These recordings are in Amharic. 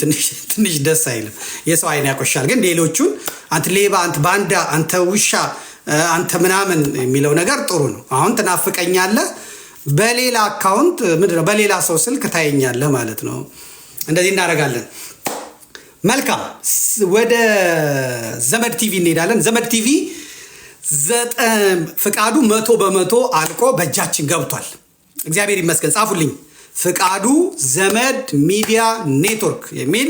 ትንሽ ደስ አይልም። የሰው አይን ያቆሻል። ግን ሌሎቹን አንተ ሌባ፣ አንተ ባንዳ፣ አንተ ውሻ፣ አንተ ምናምን የሚለው ነገር ጥሩ ነው። አሁን ትናፍቀኛለህ፣ በሌላ አካውንት ምንድነው በሌላ ሰው ስልክ ታየኛለህ ማለት ነው። እንደዚህ እናደርጋለን። መልካም ወደ ዘመድ ቲቪ እንሄዳለን። ዘመድ ቲቪ ፍቃዱ መቶ በመቶ አልቆ በእጃችን ገብቷል። እግዚአብሔር ይመስገን። ጻፉልኝ። ፍቃዱ ዘመድ ሚዲያ ኔትወርክ የሚል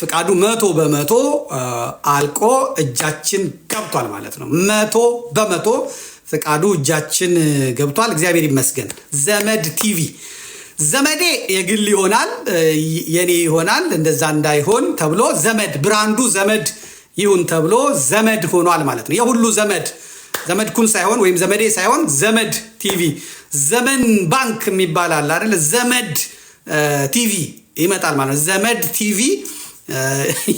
ፍቃዱ መቶ በመቶ አልቆ እጃችን ገብቷል ማለት ነው። መቶ በመቶ ፍቃዱ እጃችን ገብቷል። እግዚአብሔር ይመስገን። ዘመድ ቲቪ ዘመዴ የግል ይሆናል የኔ ይሆናል እንደዛ እንዳይሆን ተብሎ ዘመድ ብራንዱ ዘመድ ይሁን ተብሎ ዘመድ ሆኗል ማለት ነው። የሁሉ ዘመድ ዘመድኩን ሳይሆን ወይም ዘመዴ ሳይሆን ዘመድ ቲቪ ዘመን ባንክ የሚባል አለ አይደለ? ዘመድ ቲቪ ይመጣል ማለት ነው። ዘመድ ቲቪ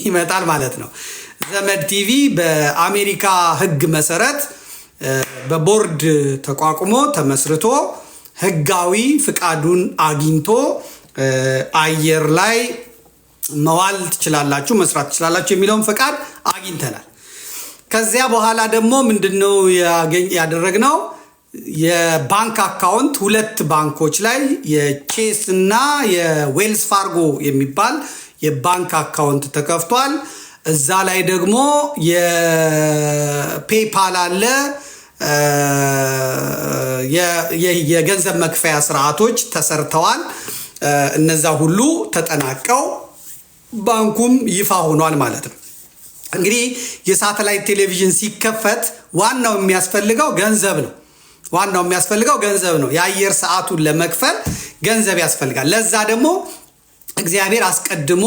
ይመጣል ማለት ነው። ዘመድ ቲቪ በአሜሪካ ሕግ መሰረት በቦርድ ተቋቁሞ ተመስርቶ ሕጋዊ ፍቃዱን አግኝቶ አየር ላይ መዋል ትችላላችሁ፣ መስራት ትችላላችሁ የሚለውን ፍቃድ አግኝተናል። ከዚያ በኋላ ደግሞ ምንድነው ያደረግነው? የባንክ አካውንት ሁለት ባንኮች ላይ የቼስ እና የዌልስ ፋርጎ የሚባል የባንክ አካውንት ተከፍቷል። እዛ ላይ ደግሞ የፔፓል አለ። የገንዘብ መክፈያ ስርዓቶች ተሰርተዋል። እነዛ ሁሉ ተጠናቀው ባንኩም ይፋ ሆኗል ማለት ነው። እንግዲህ የሳተላይት ቴሌቪዥን ሲከፈት ዋናው የሚያስፈልገው ገንዘብ ነው። ዋናው የሚያስፈልገው ገንዘብ ነው። የአየር ሰዓቱን ለመክፈል ገንዘብ ያስፈልጋል። ለዛ ደግሞ እግዚአብሔር አስቀድሞ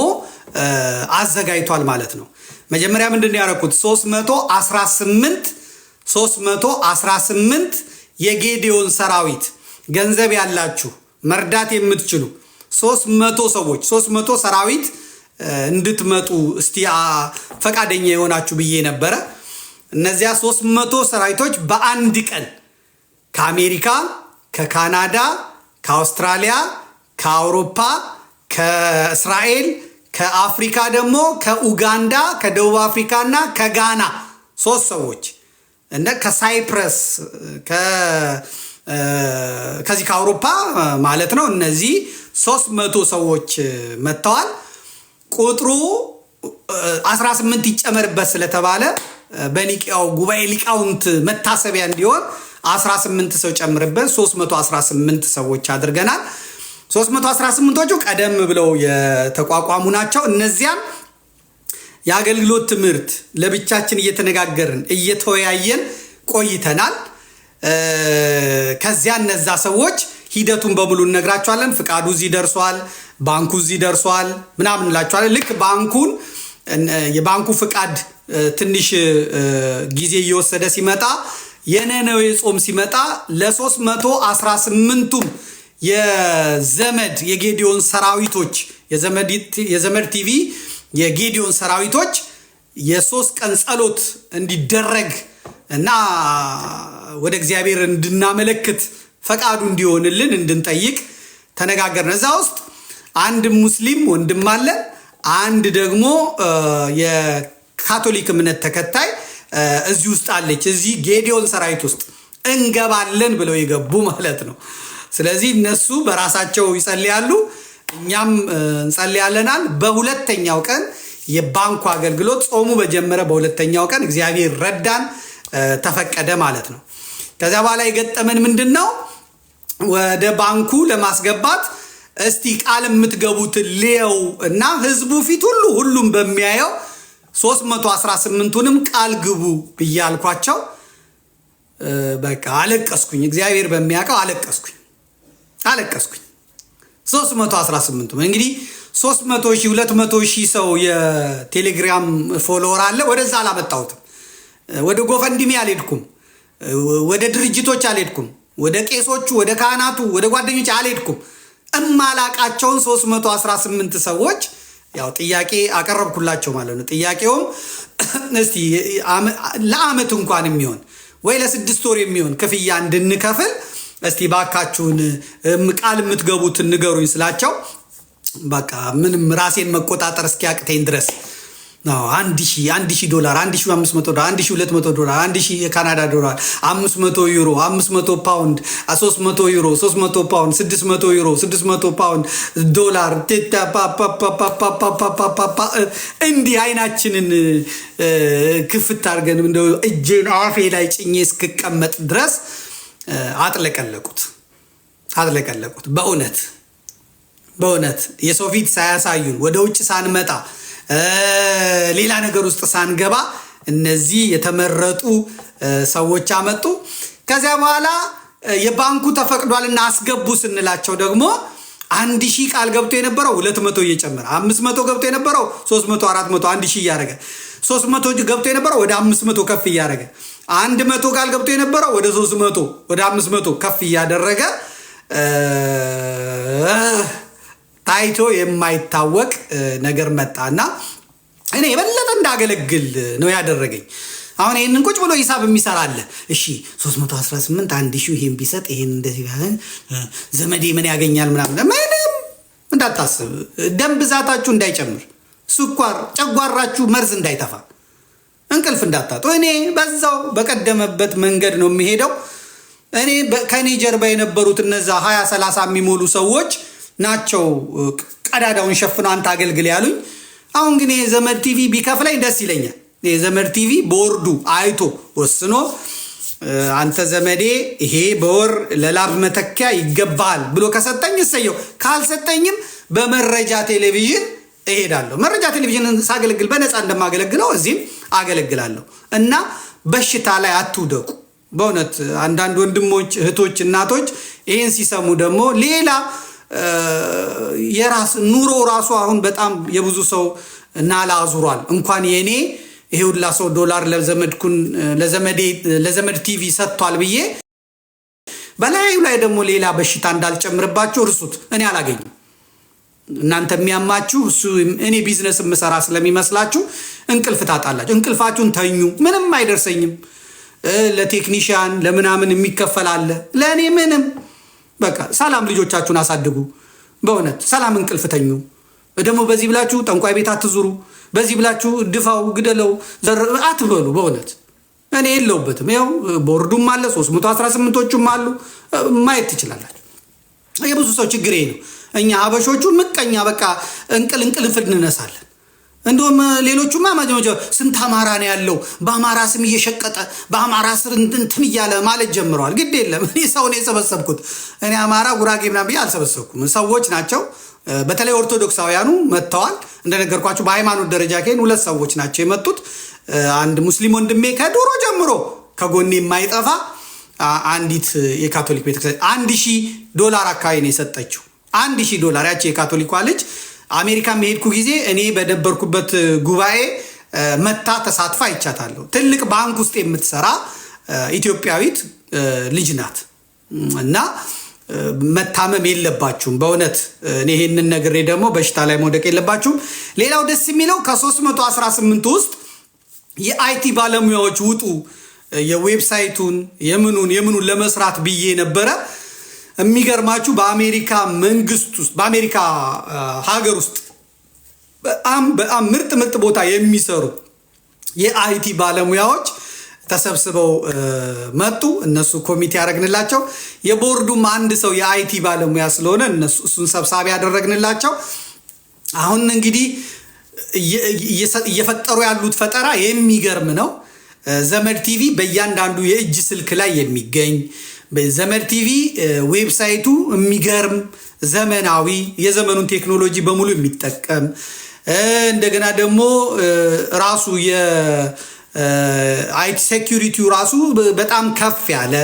አዘጋጅቷል ማለት ነው። መጀመሪያ ምንድን ነው ያደረኩት? 318 318 የጌዴዮን ሰራዊት ገንዘብ ያላችሁ መርዳት የምትችሉ 300 ሰዎች 300 ሰራዊት እንድትመጡ እስቲ ፈቃደኛ የሆናችሁ ብዬ ነበረ። እነዚያ 300 ሰራዊቶች በአንድ ቀን ከአሜሪካ፣ ከካናዳ፣ ከአውስትራሊያ፣ ከአውሮፓ፣ ከእስራኤል፣ ከአፍሪካ ደግሞ ከኡጋንዳ፣ ከደቡብ አፍሪካ እና ከጋና ሶስት ሰዎች እና ከሳይፕረስ ከዚህ ከአውሮፓ ማለት ነው። እነዚህ ሶስት መቶ ሰዎች መጥተዋል። ቁጥሩ 18 ይጨመርበት ስለተባለ በኒቅያው ጉባኤ ሊቃውንት መታሰቢያ እንዲሆን 18 ሰው ጨምርበን 318 ሰዎች አድርገናል። 318ቶቹ ቀደም ብለው የተቋቋሙ ናቸው። እነዚያም የአገልግሎት ትምህርት ለብቻችን እየተነጋገርን እየተወያየን ቆይተናል። ከዚያ እነዛ ሰዎች ሂደቱን በሙሉ እነግራቸዋለን። ፍቃዱ እዚህ ደርሷል፣ ባንኩ እዚህ ደርሷል ምናምን እንላቸዋለን። ልክ ባንኩን የባንኩ ፍቃድ ትንሽ ጊዜ እየወሰደ ሲመጣ የነነዌ ጾም ሲመጣ ለ318ቱም የዘመድ የጌዲዮን ሰራዊቶች የዘመድ ቲቪ የጌዲዮን ሰራዊቶች የሶስት ቀን ጸሎት እንዲደረግ እና ወደ እግዚአብሔር እንድናመለክት ፈቃዱ እንዲሆንልን እንድንጠይቅ ተነጋገርን። እዛ ውስጥ አንድ ሙስሊም ወንድም አለን፣ አንድ ደግሞ የካቶሊክ እምነት ተከታይ እዚህ ውስጥ አለች። እዚህ ጌዲዮን ሰራዊት ውስጥ እንገባለን ብለው የገቡ ማለት ነው። ስለዚህ እነሱ በራሳቸው ይጸልያሉ፣ እኛም እንጸልያለናል። በሁለተኛው ቀን የባንኩ አገልግሎት ጾሙ በጀመረ በሁለተኛው ቀን እግዚአብሔር ረዳን፣ ተፈቀደ ማለት ነው። ከዚያ በኋላ የገጠመን ምንድን ነው? ወደ ባንኩ ለማስገባት እስቲ ቃል የምትገቡትን ልየው እና ህዝቡ ፊት ሁሉ ሁሉም በሚያየው 318ቱንም ቃል ግቡ ብያልኳቸው በቃ አለቀስኩኝ። እግዚአብሔር በሚያውቀው አለቀስኩኝ አለቀስኩኝ። 318ቱም እንግዲህ 300 ሺህ 200 ሺህ ሰው የቴሌግራም ፎሎወር አለ። ወደዛ አላመጣሁትም። ወደ ጎፈንድሜ አልሄድኩም። ወደ ድርጅቶች አልሄድኩም። ወደ ቄሶቹ፣ ወደ ካህናቱ፣ ወደ ጓደኞች አልሄድኩም። እማላቃቸውን 318 ሰዎች ያው ጥያቄ አቀረብኩላቸው ማለት ነው። ጥያቄውም እስቲ ለአመት እንኳን የሚሆን ወይ ለስድስት ወር የሚሆን ክፍያ እንድንከፍል እስቲ ባካችሁን ቃል የምትገቡትን ንገሩኝ ስላቸው በቃ ምንም ራሴን መቆጣጠር እስኪያቅተኝ ድረስ አንድ ሺ አንድ ሺህ ዶላር አንድ ሺ አምስት መቶ ዶላር አንድ ሺ ሁለት መቶ ዶላር አንድ ሺ የካናዳ ዶላር አምስት መቶ ዩሮ አምስት መቶ ፓውንድ ሶስት መቶ ዩሮ ሶስት መቶ ፓውንድ ስድስት መቶ ዩሮ ስድስት መቶ ፓውንድ ዶላር እንዲህ አይናችንን ክፍት አድርገን እንደ እጄን አፌ ላይ ጭኜ እስክቀመጥ ድረስ አጥለቀለቁት አጥለቀለቁት። በእውነት በእውነት የሰው ፊት ሳያሳዩን ወደ ውጭ ሳንመጣ ሌላ ነገር ውስጥ ሳንገባ እነዚህ የተመረጡ ሰዎች አመጡ። ከዚያ በኋላ የባንኩ ተፈቅዷልና አስገቡ ስንላቸው ደግሞ አንድ ሺህ ቃል ገብቶ የነበረው ሁለት መቶ እየጨመረ አምስት መቶ ገብቶ የነበረው ሶስት መቶ አራት መቶ አንድ ሺህ እያደረገ ሶስት መቶ ገብቶ የነበረው ወደ አምስት መቶ ከፍ እያደረገ አንድ መቶ ቃል ገብቶ የነበረው ወደ ሶስት መቶ ወደ አምስት መቶ ከፍ እያደረገ ታይቶ የማይታወቅ ነገር መጣና እኔ የበለጠ እንዳገለግል ነው ያደረገኝ። አሁን ይህንን ቁጭ ብሎ ሂሳብ የሚሰራ አለ። እሺ 318 አንድ ሺ ይህን ቢሰጥ ይህን እንደዚህ ዘመዴ ምን ያገኛል ምናምን፣ ምንም እንዳታስብ። ደም ብዛታችሁ እንዳይጨምር፣ ስኳር ጨጓራችሁ መርዝ እንዳይተፋ፣ እንቅልፍ እንዳታጡ። እኔ በዛው በቀደመበት መንገድ ነው የሚሄደው። እኔ ከእኔ ጀርባ የነበሩት እነዛ ሀያ ሰላሳ የሚሞሉ ሰዎች ናቸው ቀዳዳውን ሸፍነው አንተ አገልግል ያሉኝ። አሁን ግን የዘመድ ቲቪ ቢከፍለኝ ደስ ይለኛል። የዘመድ ቲቪ ቦርዱ አይቶ ወስኖ አንተ ዘመዴ ይሄ በወር ለላብ መተኪያ ይገባሃል ብሎ ከሰጠኝ እሰየው፣ ካልሰጠኝም በመረጃ ቴሌቪዥን እሄዳለሁ። መረጃ ቴሌቪዥንን ሳገለግል በነፃ እንደማገለግለው እዚህም አገለግላለሁ እና በሽታ ላይ አትውደቁ። በእውነት አንዳንድ ወንድሞች፣ እህቶች፣ እናቶች ይህን ሲሰሙ ደግሞ ሌላ የራስ ኑሮ ራሱ አሁን በጣም የብዙ ሰው ናላ አዙሯል። እንኳን የእኔ ይሄ ሁላ ሰው ዶላር ለዘመድኩን ለዘመድ ቲቪ ሰጥቷል ብዬ በላዩ ላይ ደግሞ ሌላ በሽታ እንዳልጨምርባችሁ እርሱት። እኔ አላገኝም። እናንተ የሚያማችሁ እሱ እኔ ቢዝነስ የምሰራ ስለሚመስላችሁ እንቅልፍ ታጣላችሁ። እንቅልፋችሁን ተኙ። ምንም አይደርሰኝም። ለቴክኒሽያን ለምናምን የሚከፈላለ ለእኔ ምንም በቃ ሰላም ልጆቻችሁን አሳድጉ። በእውነት ሰላም እንቅልፍ ተኙ። ደግሞ በዚህ ብላችሁ ጠንቋይ ቤት አትዙሩ። በዚህ ብላችሁ ድፋው፣ ግደለው አትበሉ። በእውነት እኔ የለውበትም። ያው ቦርዱም አለ፣ 318ቶቹም አሉ። ማየት ትችላላችሁ። የብዙ ሰው ችግር ነው። እኛ ሀበሾቹ ምቀኛ በቃ እንቅል እንቅልፍ እንነሳለን። እንደውም ሌሎቹማ ማጀመጀ ስንት አማራ ነው ያለው፣ በአማራ ስም እየሸቀጠ በአማራ ስር እንትን እያለ ማለት ጀምረዋል። ግድ የለም እኔ ሰው ነው የሰበሰብኩት። እኔ አማራ ጉራጌ ምናምን ብዬ አልሰበሰብኩም። ሰዎች ናቸው። በተለይ ኦርቶዶክሳውያኑ መጥተዋል። እንደነገርኳቸው በሃይማኖት ደረጃ ከሄን ሁለት ሰዎች ናቸው የመጡት። አንድ ሙስሊም ወንድሜ ከዶሮ ጀምሮ ከጎኔ የማይጠፋ አንዲት የካቶሊክ ቤተክርስቲያን አንድ ሺህ ዶላር አካባቢ ነው የሰጠችው። አንድ ሺህ ዶላር ያቺ የካቶሊኳ ልጅ አሜሪካ የሄድኩ ጊዜ እኔ በደበርኩበት ጉባኤ መታ ተሳትፋ አይቻታለሁ። ትልቅ ባንክ ውስጥ የምትሰራ ኢትዮጵያዊት ልጅ ናት እና መታመም የለባችሁም በእውነት ይህንን ነግሬ ደግሞ በሽታ ላይ መውደቅ የለባችሁም። ሌላው ደስ የሚለው ከ318 ውስጥ የአይቲ ባለሙያዎች ውጡ የዌብሳይቱን የምኑን የምኑን ለመስራት ብዬ ነበረ የሚገርማችሁ በአሜሪካ መንግስት ውስጥ በአሜሪካ ሀገር ውስጥ በጣም በጣም ምርጥ ምርጥ ቦታ የሚሰሩ የአይቲ ባለሙያዎች ተሰብስበው መጡ። እነሱ ኮሚቴ ያደረግንላቸው የቦርዱም አንድ ሰው የአይቲ ባለሙያ ስለሆነ እሱን ሰብሳቢ ያደረግንላቸው። አሁን እንግዲህ እየፈጠሩ ያሉት ፈጠራ የሚገርም ነው። ዘመድ ቲቪ በእያንዳንዱ የእጅ ስልክ ላይ የሚገኝ ዘመን ቲቪ ዌብሳይቱ የሚገርም ዘመናዊ የዘመኑን ቴክኖሎጂ በሙሉ የሚጠቀም እንደገና ደግሞ ራሱ የአይቲ ሴኪሪቲው ራሱ በጣም ከፍ ያለ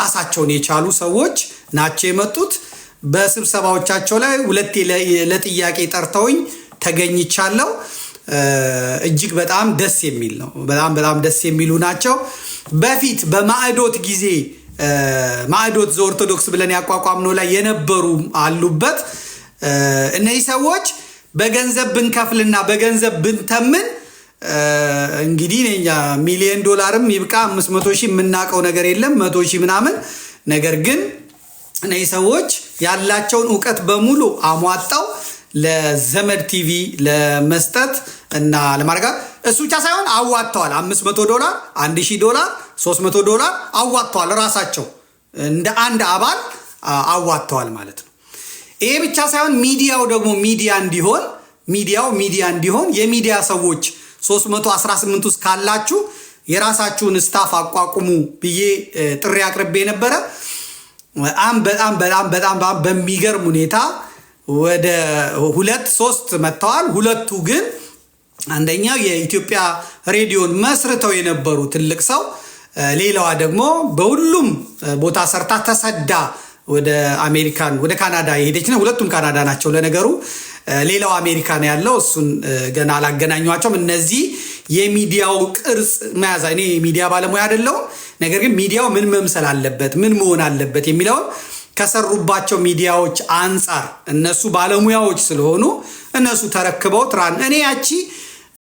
ራሳቸውን የቻሉ ሰዎች ናቸው የመጡት። በስብሰባዎቻቸው ላይ ሁለቴ ለጥያቄ ጠርተውኝ ተገኝቻለሁ። እጅግ በጣም ደስ የሚል ነው። በጣም በጣም ደስ የሚሉ ናቸው። በፊት በማዕዶት ጊዜ ማዕዶት ዘኦርቶዶክስ ብለን ያቋቋምነው ላይ የነበሩ አሉበት። እነዚህ ሰዎች በገንዘብ ብንከፍልና በገንዘብ ብንተምን እንግዲህ ሚሊዮን ዶላርም ይብቃ አምስት መቶ ሺህ የምናውቀው ነገር የለም መቶ ሺህ ምናምን ነገር ግን እነዚህ ሰዎች ያላቸውን እውቀት በሙሉ አሟጣው ለዘመድ ቲቪ ለመስጠት እና ለማድረጋት እሱ ብቻ ሳይሆን አዋጥተዋል። አምስት መቶ ዶላር፣ አንድ ሺህ ዶላር፣ ሶስት መቶ ዶላር አዋጥተዋል። ራሳቸው እንደ አንድ አባል አዋጥተዋል ማለት ነው። ይሄ ብቻ ሳይሆን ሚዲያው ደግሞ ሚዲያ እንዲሆን ሚዲያው ሚዲያ እንዲሆን የሚዲያ ሰዎች 318 ውስጥ ካላችሁ የራሳችሁን ስታፍ አቋቁሙ ብዬ ጥሪ አቅርቤ ነበረ። በጣም በጣም በጣም በጣም በሚገርም ሁኔታ ወደ ሁለት ሶስት መጥተዋል። ሁለቱ ግን አንደኛው የኢትዮጵያ ሬዲዮን መስርተው የነበሩ ትልቅ ሰው፣ ሌላዋ ደግሞ በሁሉም ቦታ ሰርታ ተሰዳ ወደ አሜሪካን ወደ ካናዳ የሄደች ነው። ሁለቱም ካናዳ ናቸው ለነገሩ። ሌላው አሜሪካን ያለው እሱን ገና አላገናኟቸውም። እነዚህ የሚዲያው ቅርጽ መያዝ እኔ የሚዲያ ባለሙያ አይደለሁም። ነገር ግን ሚዲያው ምን መምሰል አለበት፣ ምን መሆን አለበት የሚለውን ከሰሩባቸው ሚዲያዎች አንጻር እነሱ ባለሙያዎች ስለሆኑ እነሱ ተረክበው ትራን እኔ ያቺ